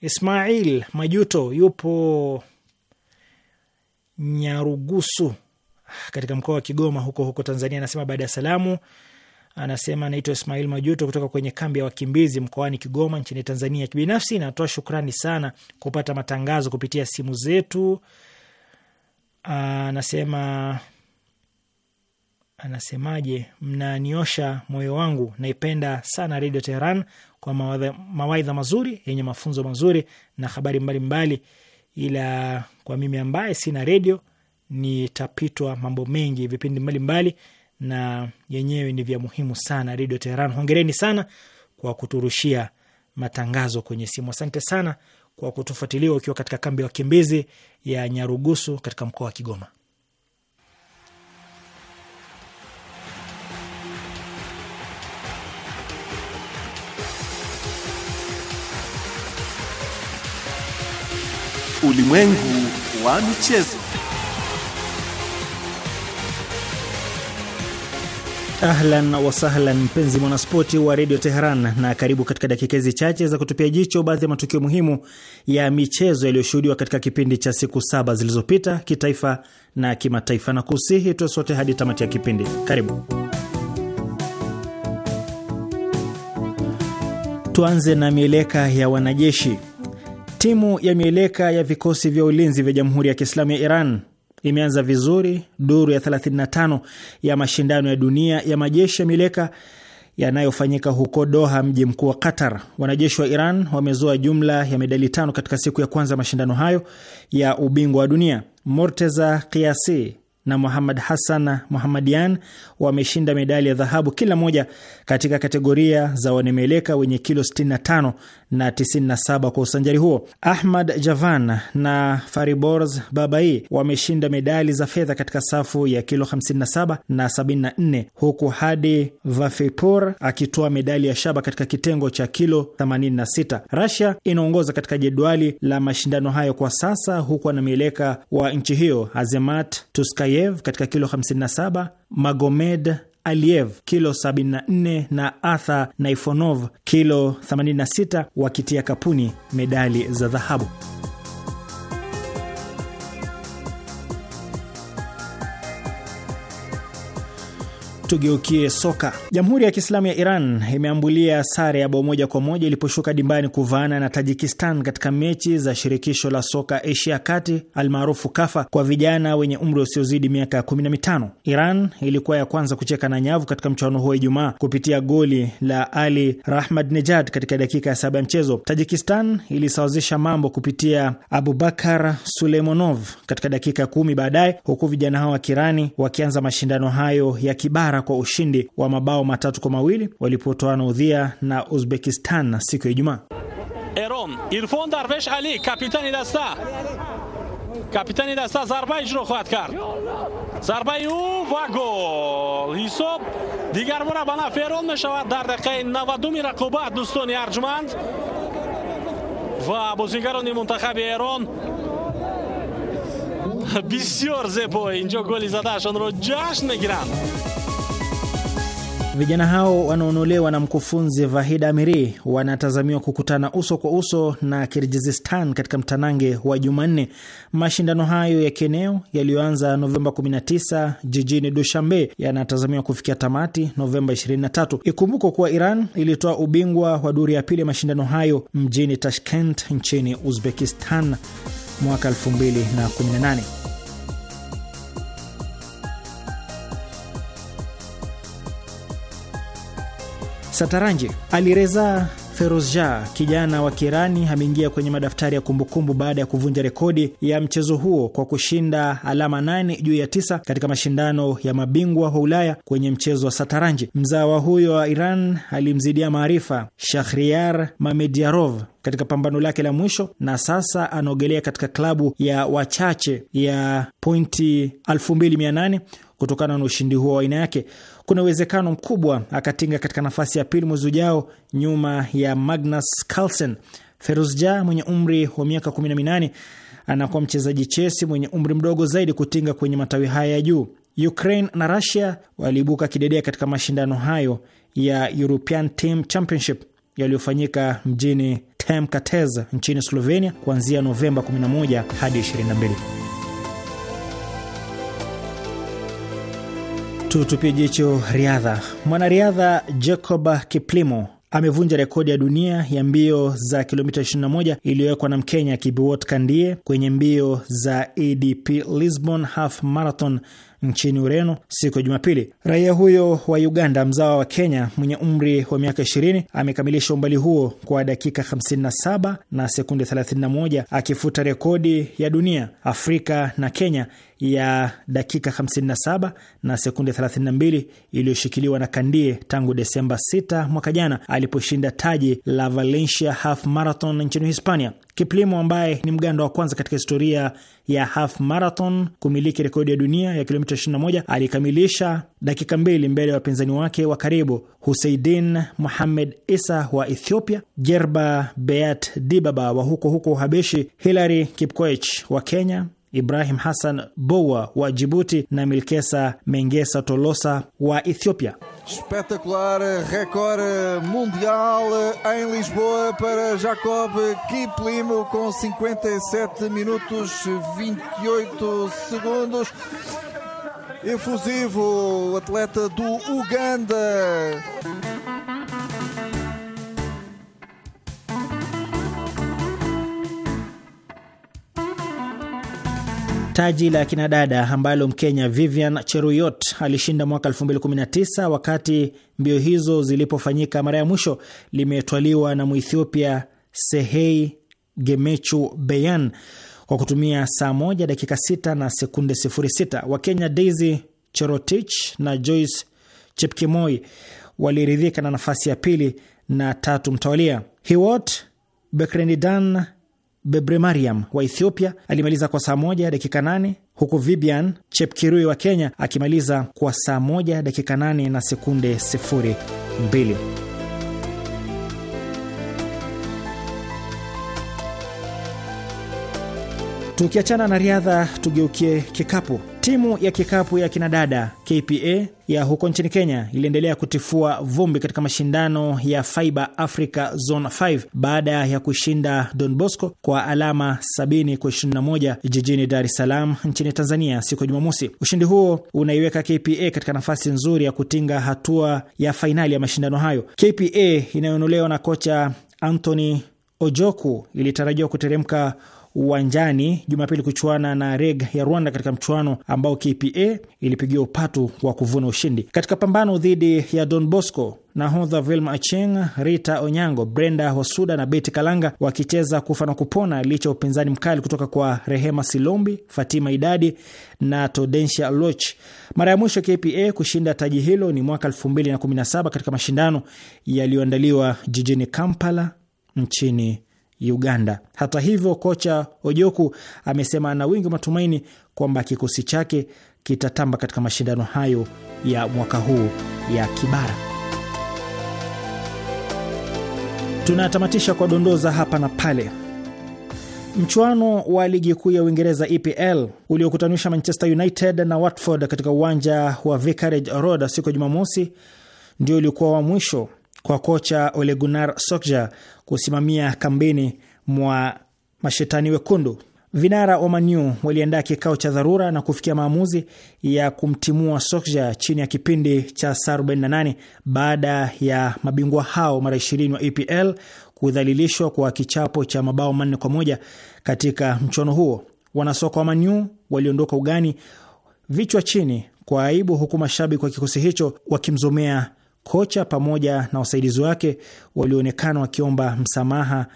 Ismail Majuto yupo Nyarugusu katika mkoa wa Kigoma huko huko Tanzania. Anasema baada ya salamu, anasema anaitwa Ismail Majuto kutoka kwenye kambi ya wakimbizi mkoani Kigoma nchini Tanzania. Kibinafsi natoa shukrani sana kupata matangazo kupitia simu zetu. Anasema anasemaje, mnaniosha moyo wangu. Naipenda sana Redio Teheran kwa mawaidha mazuri yenye mafunzo mazuri na habari mbalimbali mbali ila kwa mimi ambaye sina redio nitapitwa mambo mengi, vipindi mbalimbali mbali, na yenyewe ni vya muhimu sana. Redio Teheran, hongereni sana kwa kuturushia matangazo kwenye simu. Asante sana kwa kutufuatilia ukiwa katika kambi ya wakimbizi ya Nyarugusu katika mkoa wa Kigoma. Ulimwengu wa michezo. Ahlan wasahlan mpenzi mwanaspoti wa redio Teheran, na karibu katika dakika hizi chache za kutupia jicho baadhi ya matukio muhimu ya michezo yaliyoshuhudiwa katika kipindi cha siku saba zilizopita kitaifa na kimataifa, na kusihi tuwe sote hadi tamati ya kipindi. Karibu. Tuanze na mieleka ya wanajeshi. Timu ya mieleka ya vikosi vya ulinzi vya Jamhuri ya Kiislamu ya Iran imeanza vizuri duru ya 35 ya mashindano ya dunia ya majeshi ya mieleka yanayofanyika huko Doha, mji mkuu wa Qatar. Wanajeshi wa Iran wamezoa jumla ya medali tano katika siku ya kwanza mashindano hayo ya ubingwa wa dunia. Morteza Kiasi na Muhammad Hassan Muhammadian wameshinda medali ya dhahabu kila moja katika kategoria za wanemeleka wenye kilo 65 na 97 kwa usanjari huo. Ahmad Javan na Faribors Babai wameshinda medali za fedha katika safu ya kilo 57 na 74, huku Hadi Vafipur akitoa medali ya shaba katika kitengo cha kilo 86. Rasia inaongoza katika jedwali la mashindano hayo kwa sasa, huku anamieleka wa nchi hiyo Azemat Tuskayev katika kilo 57, Magomed Aliev kilo 74 na Arthur Naifonov kilo 86 wakitia kapuni medali za dhahabu. Tugeukie soka. Jamhuri ya Kiislamu ya Iran imeambulia sare ya bao moja kwa moja iliposhuka dimbani kuvaana na Tajikistan katika mechi za shirikisho la soka Asia kati almaarufu KAFA kwa vijana wenye umri usiozidi miaka ya mitano. Iran ilikuwa ya kwanza kucheka na nyavu katika mchuano huo Ijumaa kupitia goli la Ali Rahmad Nejad katika dakika ya saba ya mchezo. Tajikistan ilisawazisha mambo kupitia Abubakar Sulemonov katika dakika ya kumi baadaye, huku vijana hao wa Kirani wakianza mashindano hayo ya kibara Qatar kwa ushindi wa mabao matatu kwa mawili walipotoana udhia na Uzbekistan siku ya Ijumaa. Eron Irfon Darvesh Ali kapitani dasta kapitani dasta zarba ijro khohad kard зарбаи ӯ ва гол ҳисоб дигар бора ба наферон мешавад дар дақиқаи навадуми рақобат дӯстони арҷманд ва бозингарони мунтахаби эрон бисёр зебо инҷо голи задаашонро ҷашн мегиранд Vijana hao wanaonolewa na mkufunzi Vahid Amiri wanatazamiwa kukutana uso kwa uso na Kirgizistan katika mtanange wa Jumanne. Mashindano hayo ya kieneo yaliyoanza Novemba 19 jijini Dushambe yanatazamiwa kufikia tamati Novemba 23. ikumbuko kuwa Iran ilitoa ubingwa wa duri ya pili ya mashindano hayo mjini Tashkent nchini Uzbekistan mwaka 2018. Sataranji. Alireza Ferozja, kijana wa Kirani, ameingia kwenye madaftari ya kumbukumbu baada ya kuvunja rekodi ya mchezo huo kwa kushinda alama 8 juu ya tisa katika mashindano ya mabingwa wa Ulaya kwenye mchezo wa sataranji. Mzawa huyo wa Iran alimzidia maarifa Shahriar Mamediarov katika pambano lake la mwisho na sasa anaogelea katika klabu ya wachache ya pointi 2800 kutokana na ushindi huo wa aina yake kuna uwezekano mkubwa akatinga katika nafasi ya pili mwezi ujao nyuma ya Magnus Carlsen. Ferusja mwenye umri wa miaka 18 anakuwa mchezaji chesi mwenye umri mdogo zaidi kutinga kwenye matawi haya ya juu. Ukraine na Russia waliibuka kidedea katika mashindano hayo ya European Team Championship yaliyofanyika mjini Temkateza nchini Slovenia kuanzia Novemba 11 hadi 22. Tutupie jicho riadha. Mwanariadha Jacob Kiplimo amevunja rekodi ya dunia ya mbio za kilomita 21 iliyowekwa na Mkenya Kibiwot Kandie kwenye mbio za ADP Lisbon Half Marathon nchini Ureno siku ya Jumapili. Raia huyo wa Uganda, mzawa wa Kenya, mwenye umri wa miaka 20 amekamilisha umbali huo kwa dakika 57 na sekunde 31, akifuta rekodi ya dunia, Afrika na Kenya ya dakika 57 na sekunde 32 iliyoshikiliwa na Kandie tangu Desemba 6 mwaka jana aliposhinda taji la Valencia Half Marathon nchini Hispania. Kiplimo ambaye ni mganda wa kwanza katika historia ya half marathon kumiliki rekodi ya dunia ya kilomita 21 alikamilisha dakika mbili mbele ya wapinzani wake wa karibu Huseidin Mohamed Isa wa Ethiopia, Gerba Beat Dibaba wa huko huko Uhabeshi, Hilary Kipkoech wa Kenya, Ibrahim Hassan Boa wa Jibuti na Milkesa Mengesa Tolosa wa Ethiopia. Espetacular recorde mundial em Lisboa para Jacob Kiplimo com 57 minutos 28 segundos. Efusivo, atleta do Uganda. Taji la kinadada ambalo Mkenya Vivian Cheruyot alishinda mwaka 2019 wakati mbio hizo zilipofanyika mara ya mwisho limetwaliwa na Muethiopia Sehei Gemechu Beyan kwa kutumia saa moja dakika 6 na sekunde s6 Wakenya Daisy Cherotich na Joyce Chepkemoi waliridhika na nafasi ya pili na tatu mtawalia. Hiwot Bekrenidan bebre mariam wa Ethiopia alimaliza kwa saa moja dakika nane huku Vibian Chepkirui wa Kenya akimaliza kwa saa moja dakika nane na sekunde sifuri mbili. Tukiachana na riadha, tugeukie kikapu. Timu ya kikapu ya kinadada KPA ya huko nchini Kenya iliendelea kutifua vumbi katika mashindano ya FIBA Africa Zone 5 baada ya kushinda Don Bosco kwa alama 70 kwa 21 jijini Dar es Salaam nchini Tanzania siku ya Jumamosi. Ushindi huo unaiweka KPA katika nafasi nzuri ya kutinga hatua ya fainali ya mashindano hayo. KPA inayonolewa na kocha Anthony Ojoku ilitarajiwa kuteremka uwanjani Jumapili kuchuana na Reg ya Rwanda katika mchuano ambao KPA ilipigiwa upatu wa kuvuna ushindi. Katika pambano dhidi ya Don Bosco, nahodha Vilma Acheng, Rita Onyango, Brenda Wasuda na Beti Kalanga wakicheza kufa na kupona licha ya upinzani mkali kutoka kwa Rehema Silombi, Fatima Idadi na todensia Loch. Mara ya mwisho KPA kushinda taji hilo ni mwaka 2017 katika mashindano yaliyoandaliwa jijini Kampala nchini Uganda. Hata hivyo, kocha Ojoku amesema ana wingi wa matumaini kwamba kikosi chake kitatamba katika mashindano hayo ya mwaka huu ya Kibara. Tunatamatisha kwa dondoza hapa na pale. Mchuano wa ligi kuu ya Uingereza EPL uliokutanisha Manchester United na Watford katika uwanja wa Vicarage Road siku ya Jumamosi ndio ulikuwa wa mwisho kwa kocha Ole Gunnar Solskjaer kusimamia kambini mwa mashetani wekundu. Vinara wa Manyu waliandaa kikao cha dharura na kufikia maamuzi ya kumtimua Sokja chini ya kipindi cha saa 48 baada ya mabingwa hao mara 20 wa EPL kudhalilishwa kwa kichapo cha mabao manne kwa moja katika mchuano huo. Wanasoka wa Manyu waliondoka ugani vichwa chini kwa aibu, huku mashabiki wa kikosi hicho wakimzomea kocha pamoja na wasaidizi wake walioonekana wakiomba msamaha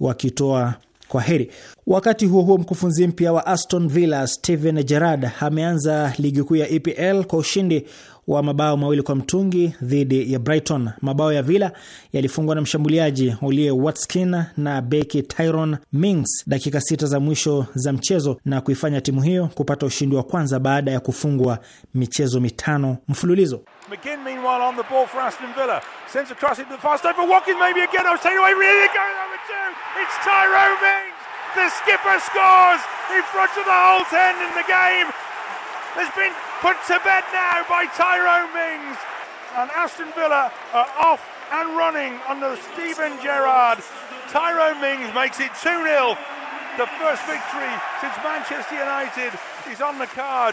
wakitoa kwa heri. Wakati huo huo, mkufunzi mpya wa Aston Villa Steven Gerrard ameanza ligi kuu ya EPL kwa ushindi wa mabao mawili kwa mtungi dhidi ya Brighton. Mabao ya Villa yalifungwa na mshambuliaji Ollie Watkins na beki Tyrone Mings dakika sita za mwisho za mchezo na kuifanya timu hiyo kupata ushindi wa kwanza baada ya kufungwa michezo mitano mfululizo. McGinn, meanwhile, on the ball for Aston Villa. Sends across into the far side for Watkins, maybe again. I Oh, taken away. Really going number two. It's Tyrone Mings. The skipper scores in front of the whole 10 in the game. Has been put to bed now by Tyrone Mings. And Aston Villa are off and running under Stephen Gerrard. Tyrone Mings makes it 2 0. The first victory since Manchester United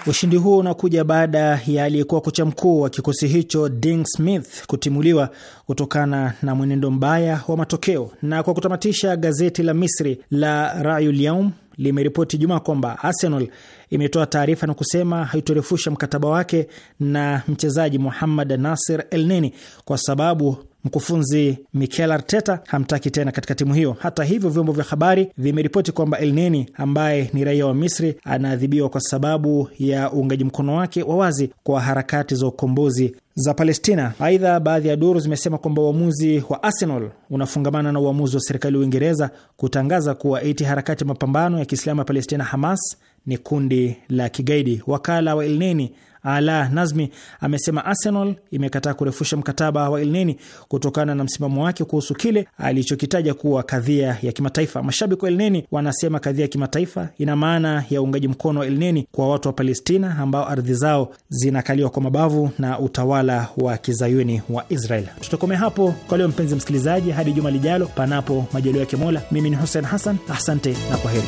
Ushindi huo unakuja baada ya aliyekuwa kocha mkuu wa kikosi hicho Dean Smith kutimuliwa kutokana na mwenendo mbaya wa matokeo. Na kwa kutamatisha, gazeti la Misri la Rayul Yaum limeripoti juma kwamba Arsenal imetoa taarifa na kusema haitorefusha mkataba wake na mchezaji Muhammad Nasir Elneny kwa sababu mkufunzi Mikel Arteta hamtaki tena katika timu hiyo. Hata hivyo, vyombo vya habari vimeripoti kwamba El ambaye ni raia wa Misri anaadhibiwa kwa sababu ya uungaji mkono wake wa wazi kwa harakati za ukombozi za Palestina. Aidha, baadhi ya duru zimesema kwamba uamuzi wa Arsenal unafungamana na uamuzi wa serikali ya Uingereza kutangaza kuwa eti harakati mapambano ya Kiislamu ya Palestina Hamas ni kundi la kigaidi. Wakala wa El Ala Nazmi amesema Arsenal imekataa kurefusha mkataba wa Elneny kutokana na msimamo wake kuhusu kile alichokitaja kuwa kadhia ya kimataifa. Mashabiki wa Elneny wanasema kadhia ya kimataifa ina maana ya uungaji mkono wa Elneny kwa watu wa Palestina ambao ardhi zao zinakaliwa kwa mabavu na utawala wa kizayuni wa Israel. Tutakomea hapo kwa leo, mpenzi msikilizaji, hadi juma lijalo, panapo majaliwa yake Mola. Mimi ni Hussein Hassan, asante na kwa heri.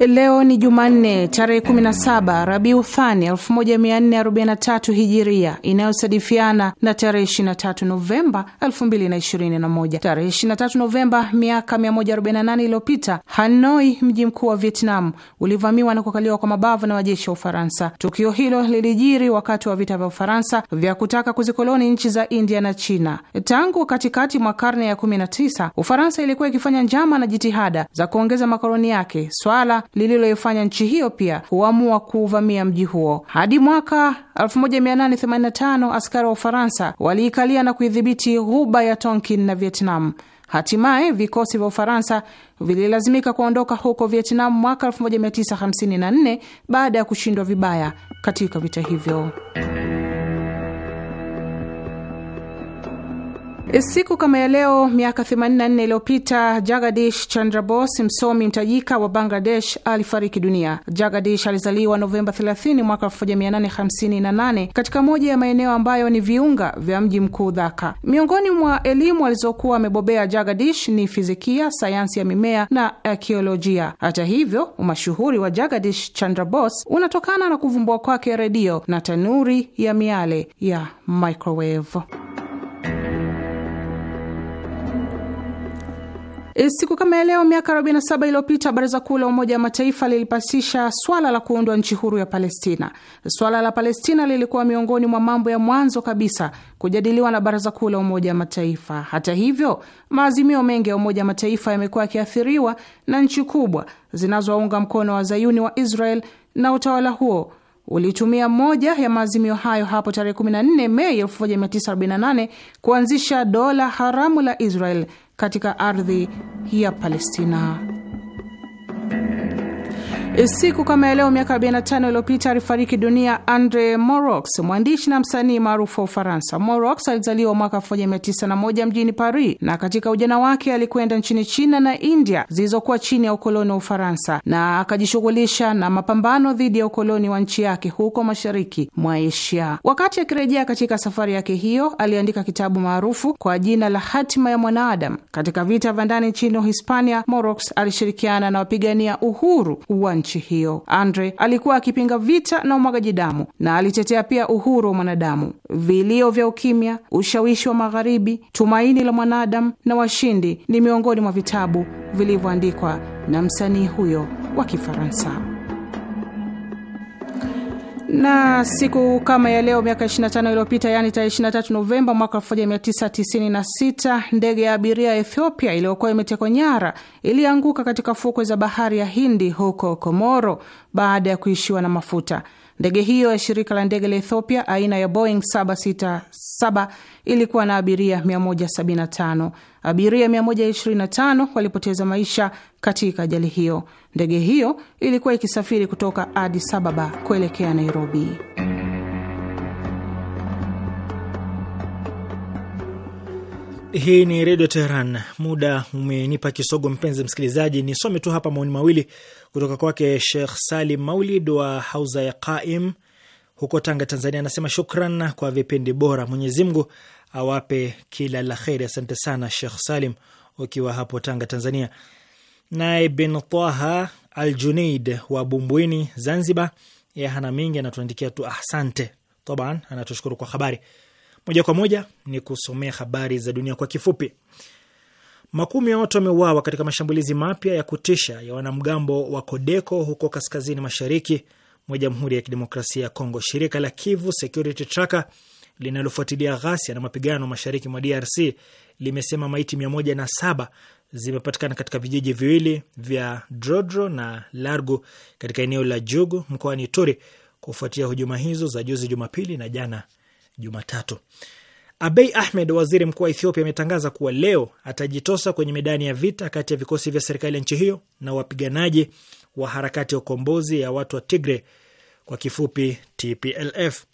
Leo ni Jumanne tarehe 17 Rabiu Thani 1443 Hijiria, inayosadifiana na tarehe 23 Novemba 2021. Tarehe 23 Novemba miaka 148 iliyopita, Hanoi, mji mkuu wa Vietnam, ulivamiwa na kukaliwa kwa mabavu na wajeshi wa Ufaransa. Tukio hilo lilijiri wakati wa vita vya Ufaransa vya kutaka kuzikoloni nchi za India na China. Tangu katikati mwa karne ya 19, Ufaransa ilikuwa ikifanya njama na jitihada za kuongeza makoloni yake, swala lililoifanya nchi hiyo pia huamua kuuvamia mji huo. Hadi mwaka 1885 askari wa Ufaransa waliikalia na kuidhibiti ghuba ya Tonkin na Vietnam. Hatimaye vikosi vya Ufaransa vililazimika kuondoka huko Vietnam mwaka 1954 baada ya kushindwa vibaya katika vita hivyo. E, siku kama ya leo miaka 84 iliyopita Jagadish Chandra Bose, msomi mtajika wa Bangladesh, alifariki dunia. Jagadish alizaliwa Novemba 30 mwaka 1858 katika moja ya maeneo ambayo ni viunga vya mji mkuu Dhaka. Miongoni mwa elimu alizokuwa amebobea Jagadish ni fizikia, sayansi ya mimea na akiolojia. Eh, Hata hivyo, umashuhuri wa Jagadish Chandra Bose unatokana na kuvumbua kwake redio na tanuri ya miale ya microwave. E, siku kama ya leo miaka 47 iliyopita baraza kuu la Umoja wa Mataifa lilipasisha swala la kuundwa nchi huru ya Palestina. Swala la Palestina lilikuwa miongoni mwa mambo ya mwanzo kabisa kujadiliwa na baraza kuu la Umoja wa Mataifa. Hata hivyo, maazimio mengi ya Umoja wa Mataifa yamekuwa yakiathiriwa na nchi kubwa zinazowaunga mkono wa zayuni wa Israel, na utawala huo ulitumia moja ya maazimio hayo hapo tarehe 14 Mei 1948 kuanzisha dola haramu la Israel katika ardhi ya Palestina. Siku kama leo miaka 45 iliyopita alifariki dunia Andre Morox, mwandishi na msanii maarufu wa Ufaransa. Morox alizaliwa mwaka 1901 mjini Paris, na katika ujana wake alikwenda nchini China na India zilizokuwa chini ya ukoloni wa Ufaransa, na akajishughulisha na mapambano dhidi ya ukoloni wa nchi yake huko mashariki mwa Asia. Wakati akirejea katika safari yake hiyo, aliandika kitabu maarufu kwa jina la Hatima ya Mwanaadamu. Katika vita vya ndani nchini Hispania, Morox alishirikiana na wapigania uhuru wa nchi hiyo. Andre alikuwa akipinga vita na umwagaji damu na alitetea pia uhuru wa mwanadamu. Vilio vya ukimya, ushawishi wa Magharibi, tumaini la mwanadamu na washindi ni miongoni mwa vitabu vilivyoandikwa na msanii huyo wa Kifaransa na siku kama ya leo miaka 25 iliyopita, yaani tarehe 23 Novemba mwaka 1996 ndege ya abiria ya Ethiopia iliyokuwa imetekwa nyara ilianguka katika fukwe za bahari ya Hindi huko Komoro baada ya kuishiwa na mafuta. Ndege hiyo ya shirika la ndege la Ethiopia aina ya Boeing 767 ilikuwa na abiria 175. Abiria 125 walipoteza maisha katika ajali hiyo. Ndege hiyo ilikuwa ikisafiri kutoka Addis Ababa kuelekea Nairobi. Hii ni Redio Teheran. Muda umenipa kisogo, mpenzi msikilizaji, nisome tu hapa maoni mawili kutoka kwake Shekh Salim Maulid wa Hauza ya Qaim huko Tanga, Tanzania. Anasema shukran kwa vipindi bora, Mwenyezi Mungu awape kila la kheri. Asante sana Shekh Salim ukiwa hapo Tanga, Tanzania. Naye Bin Taha Al Junaid wa Bumbwini, Zanzibar, ye hana mingi, anatuandikia tu asante. Taban anatushukuru kwa habari moja kwa moja ni kusomea habari za dunia kwa kifupi. Makumi ya watu wameuawa katika mashambulizi mapya ya kutisha ya wanamgambo wa Kodeko huko kaskazini mashariki mwa Jamhuri ya Kidemokrasia ya Kongo. Shirika la Kivu Security Tracker linalofuatilia ghasia na mapigano mashariki mwa DRC limesema maiti mia moja na saba zimepatikana katika vijiji viwili vya Drodro na largu katika eneo la Jugu mkoani Ituri kufuatia hujuma hizo za juzi Jumapili na jana Jumatatu. Abei Ahmed, waziri mkuu wa Ethiopia, ametangaza kuwa leo atajitosa kwenye medani ya vita kati ya vikosi vya serikali ya nchi hiyo na wapiganaji wa harakati ya ukombozi ya watu wa Tigre, kwa kifupi TPLF.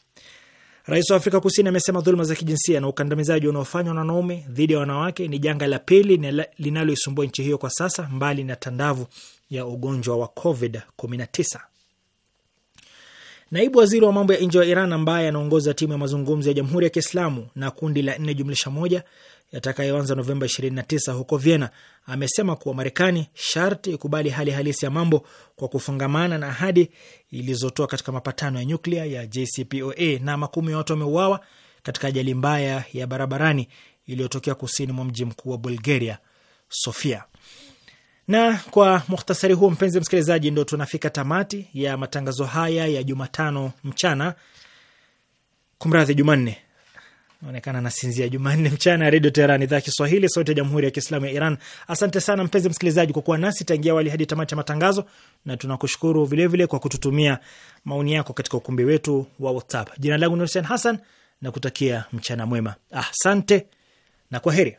Rais wa Afrika Kusini amesema dhuluma za kijinsia na ukandamizaji unaofanywa na wanaume dhidi ya wanawake ni janga la pili linaloisumbua nchi hiyo kwa sasa, mbali na tandavu ya ugonjwa wa COVID-19. Naibu waziri wa mambo ya nje wa Iran ambaye anaongoza timu ya mazungumzo ya Jamhuri ya Kiislamu na kundi la nne jumlisha moja yatakayoanza Novemba 29 huko Vienna amesema kuwa Marekani sharti ikubali hali halisi ya mambo kwa kufungamana na ahadi ilizotoa katika mapatano ya nyuklia ya JCPOA. Na makumi ya watu wameuawa katika ajali mbaya ya barabarani iliyotokea kusini mwa mji mkuu wa Bulgaria, Sofia. Na kwa muhtasari huo, mpenzi msikilizaji, ndo tunafika tamati ya matangazo haya ya Jumatano mchana, kumradhi, Jumanne naonekana nasinzia. Jumanne mchana, Redio Teherani, idhaa ya Kiswahili, sauti ya jamhuri ya kiislamu ya Iran. Asante sana mpenzi msikilizaji kwa kuwa nasi tangia wali hadi tamati ya matangazo, na tunakushukuru vilevile kwa kututumia maoni yako katika ukumbi wetu wa WhatsApp. Jina langu ni Hussein Hassan na kutakia mchana mwema. Asante ah, na kwa heri.